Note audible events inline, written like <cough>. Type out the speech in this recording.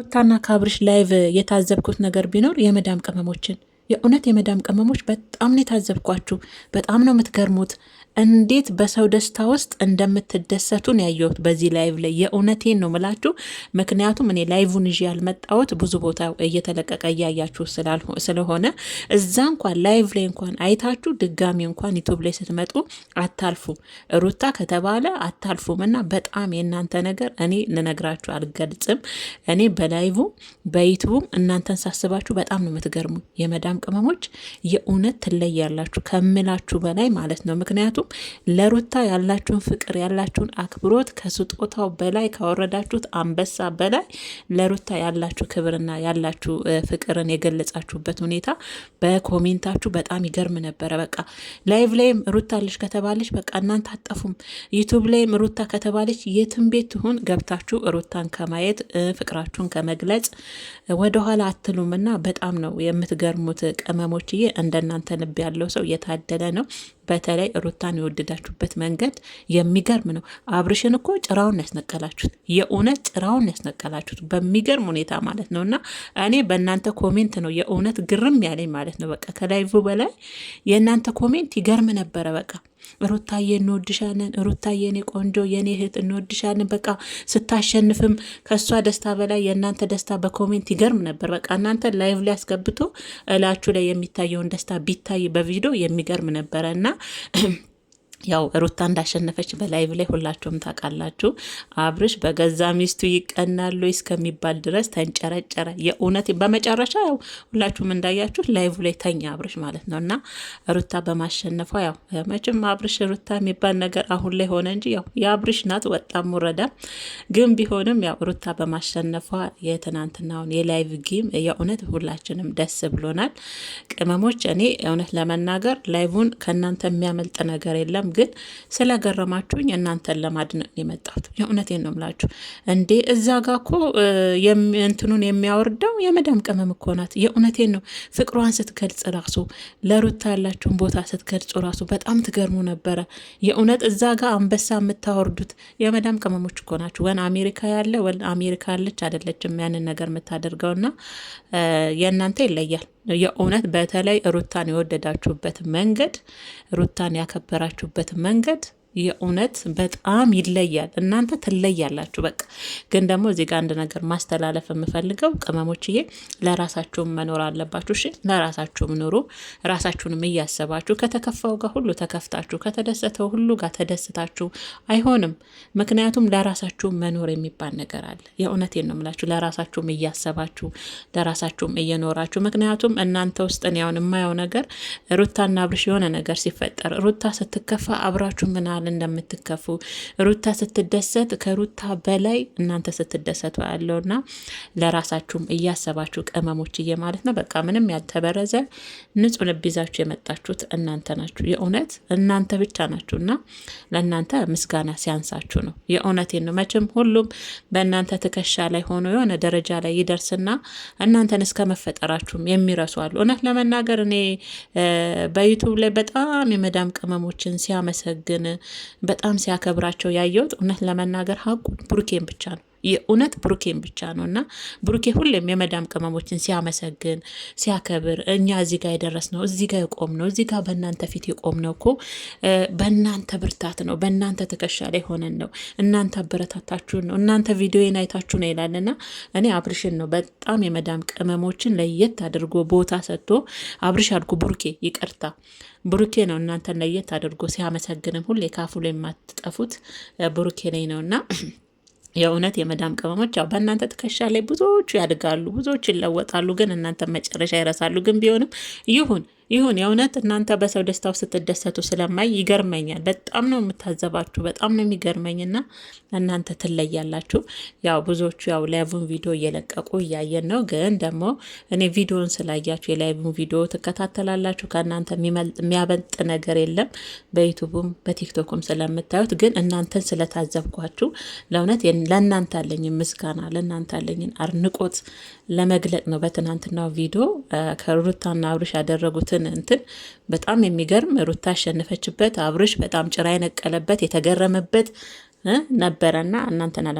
ሩታና ካብርሽ ላይቭ የታዘብኩት ነገር ቢኖር የመዳም ቅመሞችን የእውነት የመዳም ቅመሞች በጣም ነው የታዘብኳችሁ። በጣም ነው የምትገርሙት። እንዴት በሰው ደስታ ውስጥ እንደምትደሰቱን ያየሁት በዚህ ላይቭ ላይ የእውነቴን ነው ምላችሁ። ምክንያቱም እኔ ላይቭን ይዤ ያልመጣሁት ብዙ ቦታ እየተለቀቀ እያያችሁ ስለሆነ እዛ እንኳን ላይቭ ላይ እንኳን አይታችሁ ድጋሚ እንኳን ዩቱብ ላይ ስትመጡ አታልፉ ሩታ ከተባለ አታልፉም። እና በጣም የእናንተ ነገር እኔ ልነግራችሁ አልገልጽም። እኔ በላይቭ በዩቱቡም እናንተን ሳስባችሁ በጣም ነው የምትገርሙ የመዳም ቅመም ቅመሞች የእውነት ትለያላችሁ ከምላችሁ በላይ ማለት ነው። ምክንያቱም ለሩታ ያላችሁን ፍቅር ያላችሁን አክብሮት ከስጦታው በላይ ካወረዳችሁት አንበሳ በላይ ለሩታ ያላችሁ ክብርና ያላችሁ ፍቅርን የገለጻችሁበት ሁኔታ በኮሜንታችሁ በጣም ይገርም ነበረ። በቃ ላይቭ ላይም ሩታ ከተባለች በቃ እናንተ አጠፉም። ዩቱብ ላይም ሩታ ከተባለች የትም ቤት ትሁን ገብታችሁ ሩታን ከማየት ፍቅራችሁን ከመግለጽ ወደኋላ አትሉም እና በጣም ነው የምትገርሙት ቅመሞችዬ እንደናንተ ልብ ያለው ሰው የታደለ ነው። በተለይ ሩታን የወደዳችሁበት መንገድ የሚገርም ነው። አብርሽን እኮ ጭራውን ያስነቀላችሁት፣ የእውነት ጭራውን ያስነቀላችሁት በሚገርም ሁኔታ ማለት ነው። እና እኔ በእናንተ ኮሜንት ነው የእውነት ግርም ያለኝ ማለት ነው። በቃ ከላይቭ በላይ የእናንተ ኮሜንት ይገርም ነበረ በቃ ሩታዬ እንወድሻለን፣ ሩታዬ የኔ ቆንጆ የኔ እህት እንወድሻለን። በቃ ስታሸንፍም ከእሷ ደስታ በላይ የእናንተ ደስታ በኮሜንት ይገርም ነበር። በቃ እናንተ ላይቭ ላይ አስገብቶ እላችሁ ላይ የሚታየውን ደስታ ቢታይ በቪዲዮ የሚገርም ነበረ እና <clears throat> ያው ሩታ እንዳሸነፈች በላይቭ ላይ ሁላችሁም ታውቃላችሁ። አብርሽ በገዛ ሚስቱ ይቀናሉ እስከሚባል ድረስ ተንጨረጨረ። የእውነት በመጨረሻ ያው ሁላችሁም እንዳያችሁ ላይቭ ላይ ተኛ አብርሽ ማለት ነው። እና ሩታ በማሸነፏ ያው መቼም አብርሽ ሩታ የሚባል ነገር አሁን ላይ ሆነ እንጂ ያው የአብርሽ ናት ወጣም ወረዳ ግን ቢሆንም ያው ሩታ በማሸነፏ የትናንትናውን የላይቭ ጌም የእውነት ሁላችንም ደስ ብሎናል። ቅመሞች፣ እኔ እውነት ለመናገር ላይቡን ከእናንተ የሚያመልጥ ነገር የለም ግን ስለገረማችሁኝ እናንተን ለማድነቅ የመጣሁት የእውነቴን ነው የምላችሁ። እንዴ እዛ ጋ እኮ እንትኑን የሚያወርደው የመዳም ቅመም እኮ ናት። የእውነቴን ነው ፍቅሯን ስትገልጽ ራሱ ለሩታ ያላችሁን ቦታ ስትገልጹ ራሱ በጣም ትገርሙ ነበረ። የእውነት እዛ ጋ አንበሳ የምታወርዱት የመዳም ቅመሞች እኮ ናችሁ። ወን አሜሪካ ያለ ወን አሜሪካ ያለች አይደለችም ያንን ነገር የምታደርገውና የእናንተ ይለያል። የእውነት በተለይ ሩታን የወደዳችሁበት መንገድ፣ ሩታን ያከበራችሁበት መንገድ የእውነት በጣም ይለያል። እናንተ ትለያላችሁ። በቃ ግን ደግሞ እዚህ ጋር አንድ ነገር ማስተላለፍ የምፈልገው ቅመሞችዬ፣ ለራሳችሁም መኖር አለባችሁ። እሺ፣ ለራሳችሁም ኑሩ። ራሳችሁንም እያሰባችሁ ከተከፋው ጋር ሁሉ ተከፍታችሁ፣ ከተደሰተው ሁሉ ጋር ተደስታችሁ አይሆንም። ምክንያቱም ለራሳችሁ መኖር የሚባል ነገር አለ። የእውነቴን ነው የምላችሁ። ለራሳችሁም እያሰባችሁ፣ ለራሳችሁም እየኖራችሁ። ምክንያቱም እናንተ ውስጥን ያውን የማየው ነገር ሩታና አብርሽ የሆነ ነገር ሲፈጠር ሩታ ስትከፋ አብራችሁ ምና ያህል እንደምትከፉ ሩታ ስትደሰት ከሩታ በላይ እናንተ ስትደሰቱ ያለው እና ለራሳችሁም እያሰባችሁ ቅመሞችዬ ማለት ነው። በቃ ምንም ያልተበረዘ ንጹሕ ልብ ይዛችሁ የመጣችሁት እናንተ ናችሁ። የእውነት እናንተ ብቻ ናችሁ እና ለእናንተ ምስጋና ሲያንሳችሁ ነው። የእውነቴን ነው። መቼም ሁሉም በእናንተ ትከሻ ላይ ሆኖ የሆነ ደረጃ ላይ ይደርስና እናንተን እስከ መፈጠራችሁም የሚረሱ አሉ። እውነት ለመናገር እኔ በዩቱብ ላይ በጣም የመዳም ቅመሞችን ሲያመሰግን በጣም ሲያከብራቸው ያየሁት እውነት ለመናገር ሀቁ ብሩኬን ብቻ ነው። የእውነት ብሩኬን ብቻ ነው እና ብሩኬ ሁሌም የመዳም ቅመሞችን ሲያመሰግን ሲያከብር እኛ እዚህ ጋር የደረስ ነው እዚህ ጋር የቆም ነው እዚህ ጋር በእናንተ ፊት የቆም ነው እኮ በእናንተ ብርታት ነው፣ በእናንተ ትከሻ ላይ ሆነን ነው፣ እናንተ አበረታታችሁን ነው፣ እናንተ ቪዲዮን አይታችሁ ነው ይላል እና እኔ አብርሽን ነው በጣም የመዳም ቅመሞችን ለየት አድርጎ ቦታ ሰጥቶ አብርሽ አድርጎ ብሩኬ ይቅርታ ብሩኬ ነው እናንተን ለየት አድርጎ ሲያመሰግንም ሁሌ ካፉ የማትጠፉት ብሩኬ ላይ ነውና <clears throat> የእውነት የመዳም ቅመሞች ያው በእናንተ ትከሻ ላይ ብዙዎቹ ያድጋሉ፣ ብዙዎቹ ይለወጣሉ። ግን እናንተ መጨረሻ ይረሳሉ። ግን ቢሆንም ይሁን ይሁን የእውነት እናንተ በሰው ደስታው ስትደሰቱ ስለማይ ይገርመኛል። በጣም ነው የምታዘባችሁ፣ በጣም ነው የሚገርመኝና እናንተ ትለያላችሁ። ያው ብዙዎቹ ያው ላይቭን ቪዲዮ እየለቀቁ እያየን ነው። ግን ደግሞ እኔ ቪዲዮን ስላያችሁ የላይቭን ቪዲዮ ትከታተላላችሁ። ከእናንተ የሚያበልጥ ነገር የለም በዩቱቡም በቲክቶክም ስለምታዩት። ግን እናንተን ስለታዘብኳችሁ ለእውነት ለእናንተ አለኝን ምስጋና ለእናንተ አለኝን አድናቆት ለመግለጽ ነው። በትናንትናው ቪዲዮ ከሩታና አብርሽ ያደረጉትን ያለውን እንትን በጣም የሚገርም ሩታ ያሸነፈችበት አብርሽ በጣም ጭራ የነቀለበት የተገረመበት ነበረና እናንተን አለ